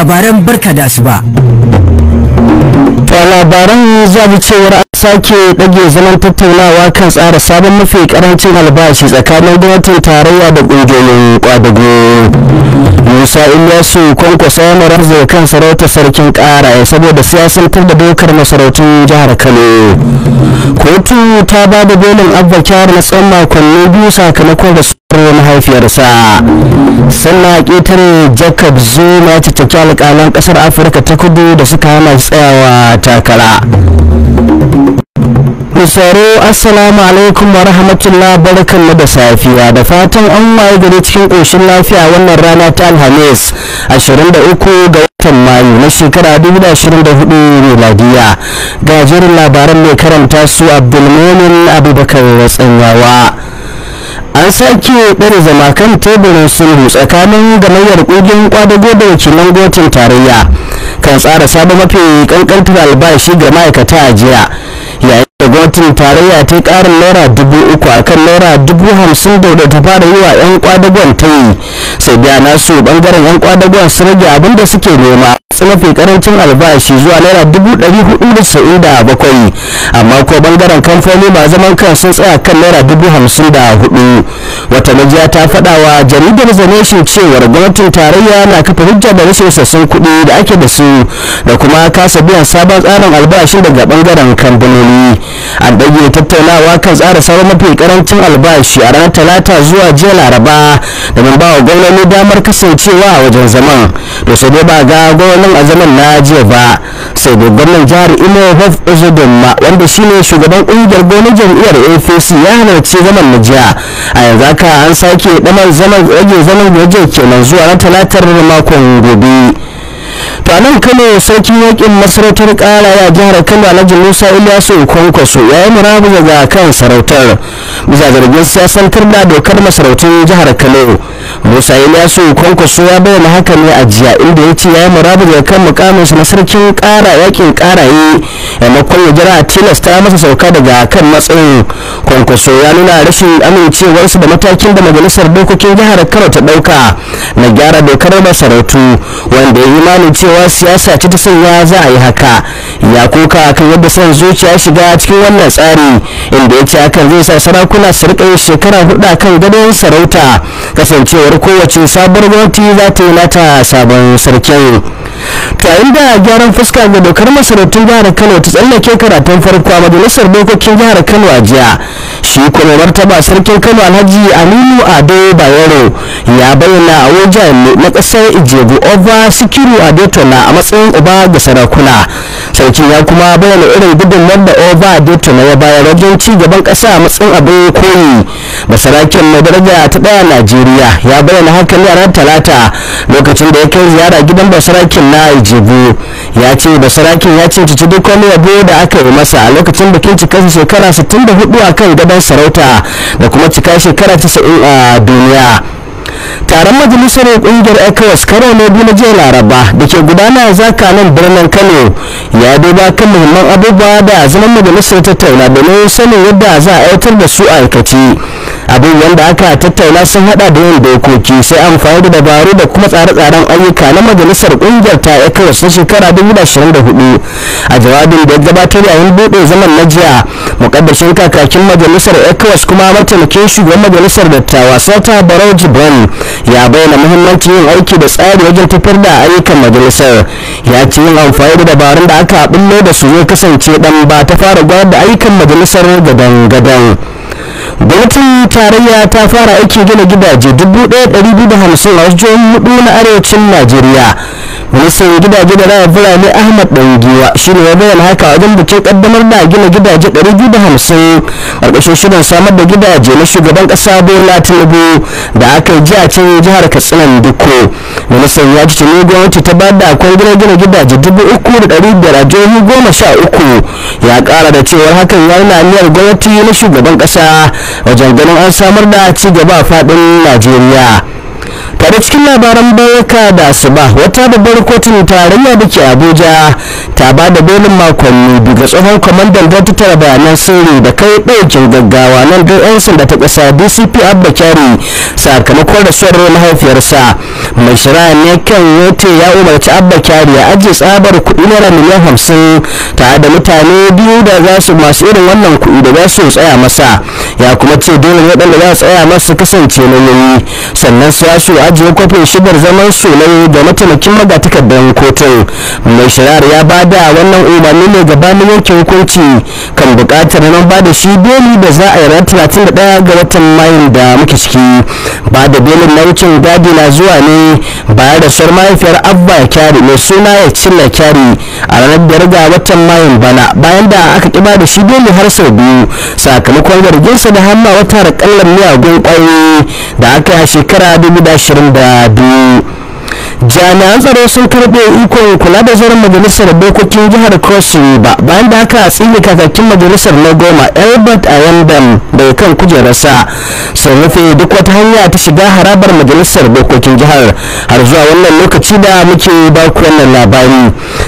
labaran barka da asuba. labaran zabi cewar an sake ɗage zaman tattaunawa kan tsara sabon mafi karancin albashi tsakanin gwamnatin tarayya da ƙungiyoyin ƙwadago musa ilyasu kwankwasa yana rarzai kan sarauta sarkin ƙara saboda siyasantar da dokar masarautun jihar kano Aliyu ta ba da belin abba kyara na tsawon makonni biyu sakamakon rasuwar mahaifiyarsa sannan a ƙetare jacob zuma ta taki alƙalan ƙasar afirka ta kudu da suka hana tsayawa takara Misaro Assalamu alaikum wa rahmatullah barkanmu da safiya da fatan an waye gari cikin ƙoshin lafiya wannan rana ta Alhamis 23 ga watan Mayu na shekara 2024 miladiya ga jerin labaran mai karanta su Abdulmumin Abubakar tsanyawa an sake ɗare zama kan teburin sulhu tsakanin gamayyar ƙungiyar kwadago da wakilan gotin tarayya kan tsara sabon mafi kankantar albashi ga ma'aikata a jiya yayin da gwamnatin tarayya ta yi karin naira dubu uku a kan naira dubu hamsin da wadda ta fara yi wa 'yan kwadagon ta yi sai biya nasu bangaren 'yan kwadagon su rage abin da suke nema matsi mafi karancin albashi zuwa naira dubu ɗari hudu da sa'in da bakwai amma ko bangaren kamfani ba zaman kan sun tsaya kan naira dubu hamsin da hudu wata majiya ta faɗa wa jaridar zaneshin cewar gwamnatin tarayya na kafa hujja da rashin sassan kuɗi da ake da su da kuma kasa biyan sabon tsarin albashi daga bangaren kamfanoni an ɗage tattaunawa kan tsara sauran mafi karancin albashi a ranar talata zuwa jiya laraba da ban bawa gwamnoni damar kasancewa a wajen zaman da su ba ga gwamnan a zaman na jiya ba sai dai gwamnan jihar imo hof ma wanda shine shugaban ƙungiyar gwamnan jam'iyyar apc ya halarci zaman na jiya a yanzu haka an sake damar zaman rage zaman waje kenan zuwa na talatar makon gobe to nan kano sarkin yakin masarautar ƙara ya jihar kano alhaji musa Iliyasu kwankwaso ya yi murabu daga kan sarautar bisa zargin siyasantar da dokar masarautun jihar kano musa ilyasu kwankwaso ya bayyana haka ne a jiya inda ya ce ya yi murabu daga kan sa na sarkin kara yakin karaye maimakon ya jira a tilasta masa sauka daga kan matsayin kwankwaso ya nuna rashin amincewarsa da matakin da majalisar dokokin jihar kano ta dauka na gyara dokar masarautu wanda ya yi imanin cewa siyasa ce ta sanya za a yi haka ya kuka kan yadda son zuciya shiga cikin wannan tsari inda ya ce hakan zai sa sarakuna kuna su rika yin shekara hudu a kan gadon sarauta kasancewar kowace sabuwar gwamnati za ta yi nata sabon sarkin yayin da gyaran fuska ga dokar masarautun jihar kano ta tsallake karatun farko a majalisar dokokin jihar kano a jiya shi kuma martaba sarkin kano alhaji aminu ado bayero ya bayyana a wajen na kasar ijebu ova sikiru adetona a matsayin uba ga sarakuna sarkin ya kuma bayyana irin gudunmawar da ova adetona ya bayar wajen ci gaban kasa a matsayin abin koyi basarakin mai daraja ta daya najeriya ya bayyana hankali a ranar talata lokacin da ya kai ziyara gidan basarakin na ijebu ya ce basarakin ya ce cici duk wani yabo da aka yi masa a lokacin bikin cika shekara 64 a kan gadon sarauta da kuma cika shekara 90 a duniya taron majalisar kungiyar ecowas karo na biyu na jiya laraba da ke gudana zaka nan birnin kano ya duba kan muhimman abubuwa da zaman majalisar tattauna domin sanin yadda za a aiwatar da su a aikace abin wanda aka tattauna sun hada da yin dokoki sai amfani da dabaru da kuma tsare-tsaren ayyuka na majalisar kungiyar ta ecowas na shekara 2024 a jawabin da ya gabatar yayin buɗe zaman na jiya mukaddashin kakakin majalisar ecowas kuma mataimakin shugaban majalisar dattawa sata barau jibran ya bayyana muhimmancin yin aiki da tsari wajen tafiyar da ayyukan majalisar ya ce yin amfani da dabarun da aka bullo da su zai kasance dan ba ta fara gwada ayyukan majalisar gadan-gadan gwamnatin tarayya ta fara aiki gina gidaje 1250 a wasu jihohin hudu na arewacin najeriya ministan gidaje da raya birane ahmad dangiwa shi ne ya bayyana haka wajen bikin kaddamar da gina gidaje 250 ƙarƙashin shirin samar da gidaje na shugaban ƙasa bola tinubu da aka yi a cikin jihar katsinan duko ministan ya ci ne gwamnati ta bada akwai gina gidaje 3,500 a jihohi goma sha uku ya ƙara da cewar hakan ya yi na niyyar gwamnati na shugaban ƙasa wajen ganin an samar da ci gaba a faɗin najeriya tare cikin labaran bayyaka da asuba wata babbar kotun tarayya da ke abuja ta ba da belin makonni daga tsohon kwamandan don tattara bayanan sirri da kai ɗaukin gaggawa nan don 'yan sanda ta ƙasa dcp abba kyari sakamakon rasuwar mahaifiyarsa mai shari'a ne kan yote ya umarci abba kyari a ajiye tsabar kuɗi naira miliyan hamsin tare da mutane biyu da za su masu irin wannan kuɗi da za su tsaya masa ya kuma ce dole waɗanda za su tsaya masa kasance na sannan su ya ajiye kwafin shigar zaman solayo da mataimakin magatakardar kotun mai shirar ya ba da wannan umarni ne na yankin hukunci kan bukatar nan ba da shi beli da za a yi ran 31 ga watan mayun da muke ciki ba da belin na wucin gadi na zuwa ne baya da suwar mahaifiyar abba kyari mai suna ya cinna kyari a ranar biyar watan mayun bana bayan da aka kiba da shi dole har sau biyu sakamakon zarginsa da a wata da miyagun kwayoyi da aka yi a shekara 2022 jami'an tsaro sun karɓe ikon kula da zaren majalisar dokokin jihar cross river bayan da aka tsige kakakin majalisar na goma albert ayandam daga kan kujerarsa sun rufe duk wata hanya ta shiga harabar majalisar dokokin jihar har zuwa wannan lokaci da muke ba ku wannan labari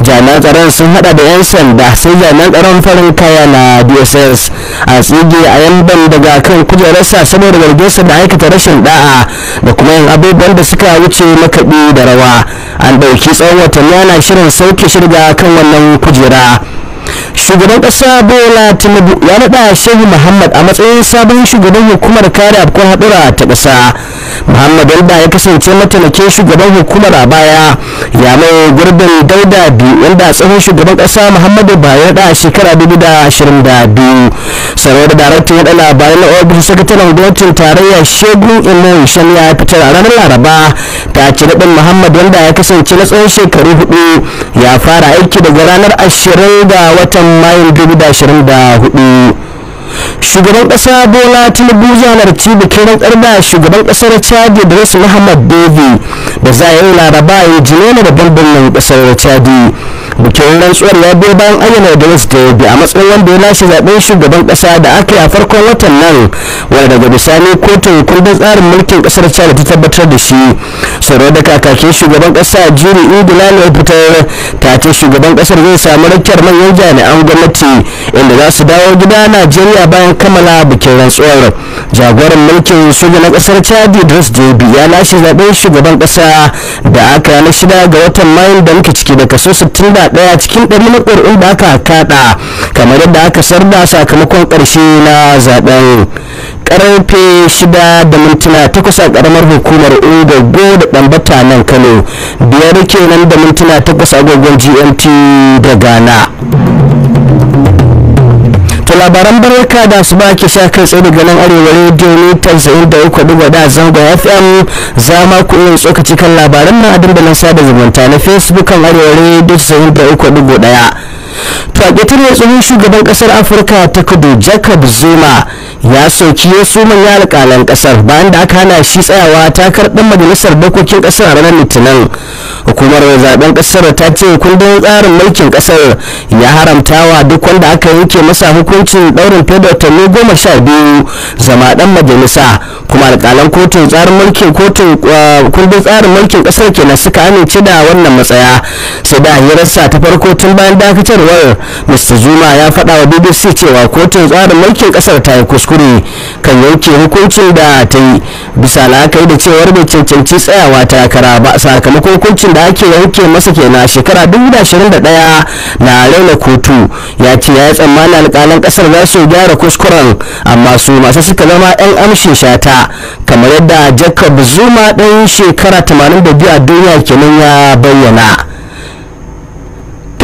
jami'an tsaron sun hada da 'yan sanda sai jami'an tsaron farin kaya na dss a tsige ayandam daga kan kujerarsa saboda zarginsa da aikata rashin da'a da kuma yin abubuwan da suka wuce makaɗi da Nasarawa an ɗauki tsawon watanni ana shirin sauke shirga kan wannan kujera shugaban ƙasa bola tinubu ya naɗa shehu muhammad a matsayin sabon shugaban hukumar kare afkuwar hadura ta ƙasa muhammad alba ya kasance mataimakin shugaban hukumar a baya ya mai gurbin dauda biyu wanda tsohon shugaban kasa muhammadu ya da shekara 2022 sanar da daraktan yada labarai na ofishin sakataren gwamnatin tarayya shegun imo shan ya fitar a ranar laraba ta ce daɗin muhammad wanda ya kasance na tsawon shekaru hudu ya fara aiki daga ranar 20 ga watan mayun 2024 shugaban kasa bola tinubu ci bikin rantsar da shugaban kasar chadi idris muhammad davi da za a yi laraba ya jinena da balbalin kasar chadi bikin rantsuwar ya biyo bayan ayyana Idris Deby a matsayin wanda ya lashe zaben shugaban kasa da aka yi a farkon watan nan wanda daga bisani kotun kundin tsarin mulkin kasar Chad ta tabbatar da shi tsaro da kakakin shugaban kasa Jiri Idilal ya fitar ta ce shugaban kasar zai samu rakkiyar manyan jami'an gwamnati inda za su dawo gida Najeriya bayan kammala bikin rantsuwar jagoran mulkin shugaban kasar Chad Idris Deby ya lashe zaben shugaban kasa da aka yi na shida ga watan Mayu da muke ciki da kaso 60 a ɗaya cikin ɗari na ƙuri'un da aka kaɗa kamar yadda aka sarda sakamakon ƙarshe na zaben karfe shida da mintuna takwas a ƙaramar hukumar ungogo da ɗambata nan kano biyar kenan da mintuna takwas a agogon gmt da ghana da labaran barka da su ba ke sha kai tsaye daga nan arewa radio ne tasirin da uku dubu da zangon fm za ma ku yin tsokaci kan labaran nan a dandalin sada zumunta na facebook kan arewa radio tasirin da uku dubu daya to a ƙetare tsohon shugaban ƙasar afirka ta kudu jacob zuma ya soki ya suman ya alƙalan ƙasar bayan da aka hana shi tsayawa ta ɗan majalisar dokokin ƙasar a ranar litinin hukumar zaben ƙasar ta ce kundin tsarin mulkin ƙasar ya haramtawa duk wanda aka yanke masa hukuncin ɗaurin fiye da watanni goma sha biyu zama ɗan majalisa kuma alƙalan kotun tsarin mulkin kotun uh, kundin tsarin mulkin ƙasar kenan suka amince da wannan matsaya sai da hirarsa ta farko tun bayan dakatarwar mr zuma ya faɗa wa bbc cewa kotun tsarin mulkin kasar ta yi kuskure kan yanke hukuncin da ta yi bisa la'akari da cewar bai cancanci tsayawa takara ba sakamakon hukuncin da ake yanke masa kenan shekara 2021 na raina kotu ya ce ya yi tsammanin alƙalan ƙasar za su gyara kuskuren amma su masu suka zama 'yan amshin shata kamar yadda jacob zuma ɗan shekara 82 a duniya kenan ya bayyana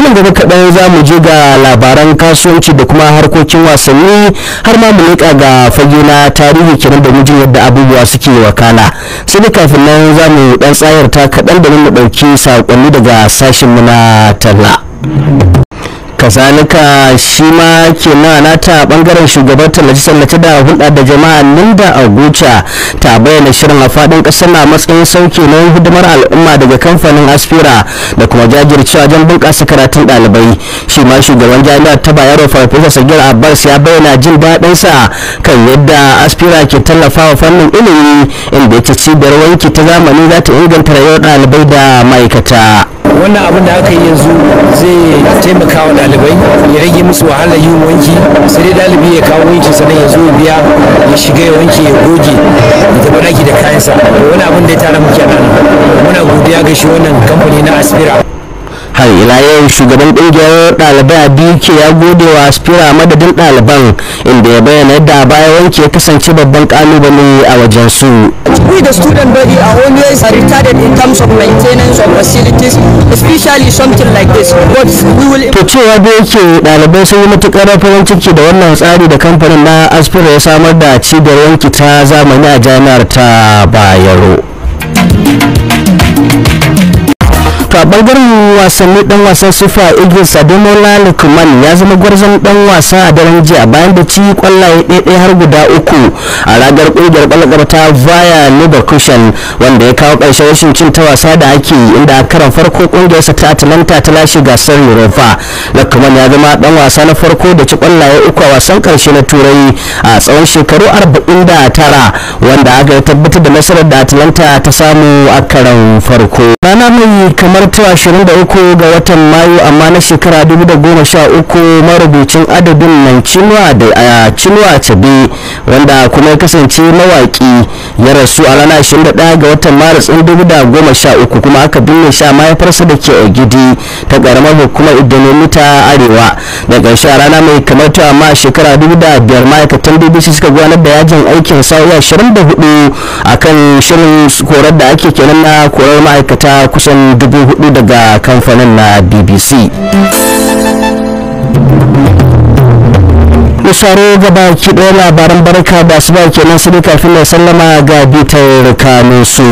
nan gaba kaɗan za mu je ga labaran kasuwanci da kuma harkokin wasanni har ma mu leƙa ga fage na tarihi kenan da jin yadda abubuwa suke wakana sai da kafin nan za mu ɗan tsayar ta kaɗan da mu ɗauki saƙonni daga sashen mu na talla. kasalika shi ma ke na ta bangaren shugaban tallace-tallace da hulɗa da jama'a linda agucha ta bayyana shirin a faɗin ƙasar na matsayin sauke na hidimar al'umma daga kamfanin aspira da kuma jajircewa wajen bunƙasa karatun ɗalibai shi ma shugaban jami'ar ta bayero farfesa sagir abbas ya bayyana jin daɗin sa kan yadda aspira ke tallafawa fannin ilimi inda ya da cibiyar wanki ta zamani za ta inganta rayuwar ɗalibai da ma'aikata. wannan abin da aka yi yanzu zai taimaka wa dalibai ya rage musu wahalar yin wanki sai dai ɗalibi ya kawo wanki sannan ya zo biya ya shiga ya wanke ya goge ya tafi da kayansa wani abin da ya tara muke nan muna godiya ga shi wannan kamfani na aspira har ila yau shugaban kungiyar ɗalibai a ke ya gode wa aspira madadin ɗaliban inda ya bayyana yadda baya wanke kasance babban kalubale a wajen su we the student body are always to cewa da yake ɗalibai sun yi matuƙar farin ciki da wannan tsari da kamfanin na aspira ya samar da cibiyar wanki ta zamani a jami'ar ta bayero bangaren wasanni dan wasan sufa idris ademola lukman ya zama gwarzon dan wasa a daren jiya bayan da ci kwallaye ɗaya har guda uku a ragar kungiyar kwallon ta vaya leverkusen wanda ya kawo karshen rashin cin ta wasa da ake yi inda a karan farko ƙungiyarsa ta atalanta ta lashe gasar europa lukman ya zama dan wasa na farko da ci kwallaye uku a wasan karshe na turai a tsawon shekaru arba'in da 49 wanda aka tabbatar da nasarar da atalanta ta samu a karan farko rana mai kamar ta. ranar 23 ga watan mayu amma na shekara 2013 marubucin adabin nan cinwa da a cinwa cabe wanda kuma ya kasance mawaki ya rasu a ranar 21 ga watan maris 2013 kuma aka binne shi a mahaifarsa da ke ogidi ta karamar hukumar idanomita arewa da ƙarshe a rana mai kamar ta amma a shekara 2005 ma'aikatan bbc suka gudanar da yajin aikin sa'o'i 24 akan shirin korar da ake kenan na korar ma'aikata kusan 4,000 daga kamfanin na bbc sharo gaba ki ɗaya labaran barka da su ba kenan su ne kafin da sallama ga bitar kanunsu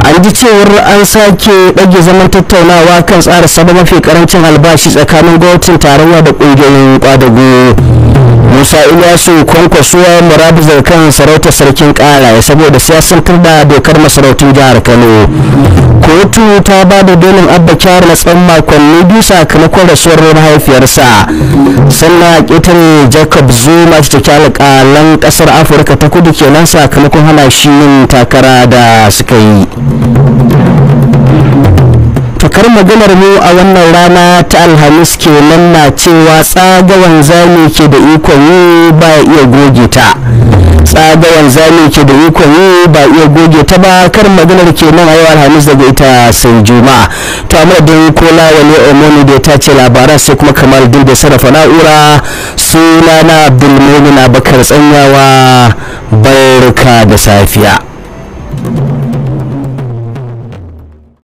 an ji cewar an sake ɗage zaman tattaunawa kan tsara sabon mafi karancin albashi tsakanin gwamnatin tarayya da ƙungiyoyin kwadago musa ilyasu kwankwasuwa muradu zarkan sarauta sarkin ƙara saboda siyasantar da dokar masarautun jihar kano kotu ta ba da dolin abba kyar na makonni biyu sakamakon rasuwar mahaifiyarsa sannan a ƙetare jacob zuma ta ke alƙalan ƙasar afirka ta kudu kenan sakamakon hana shi yin takara da suka yi fakar maganar mu a wannan rana ta alhamis kenan na cewa tsagawan zami ke da ikon yi ba iya goge ta tsaga wanzami ke da ikon yi ba iya goge ta ba karin maganar ke nan a yau alhamis daga ita sun juma'a to amma madadin kola wani omoni da ta ce labaran sai kuma kamar din da sarrafa na'ura suna na abdulmumin abakar tsanyawa barka da safiya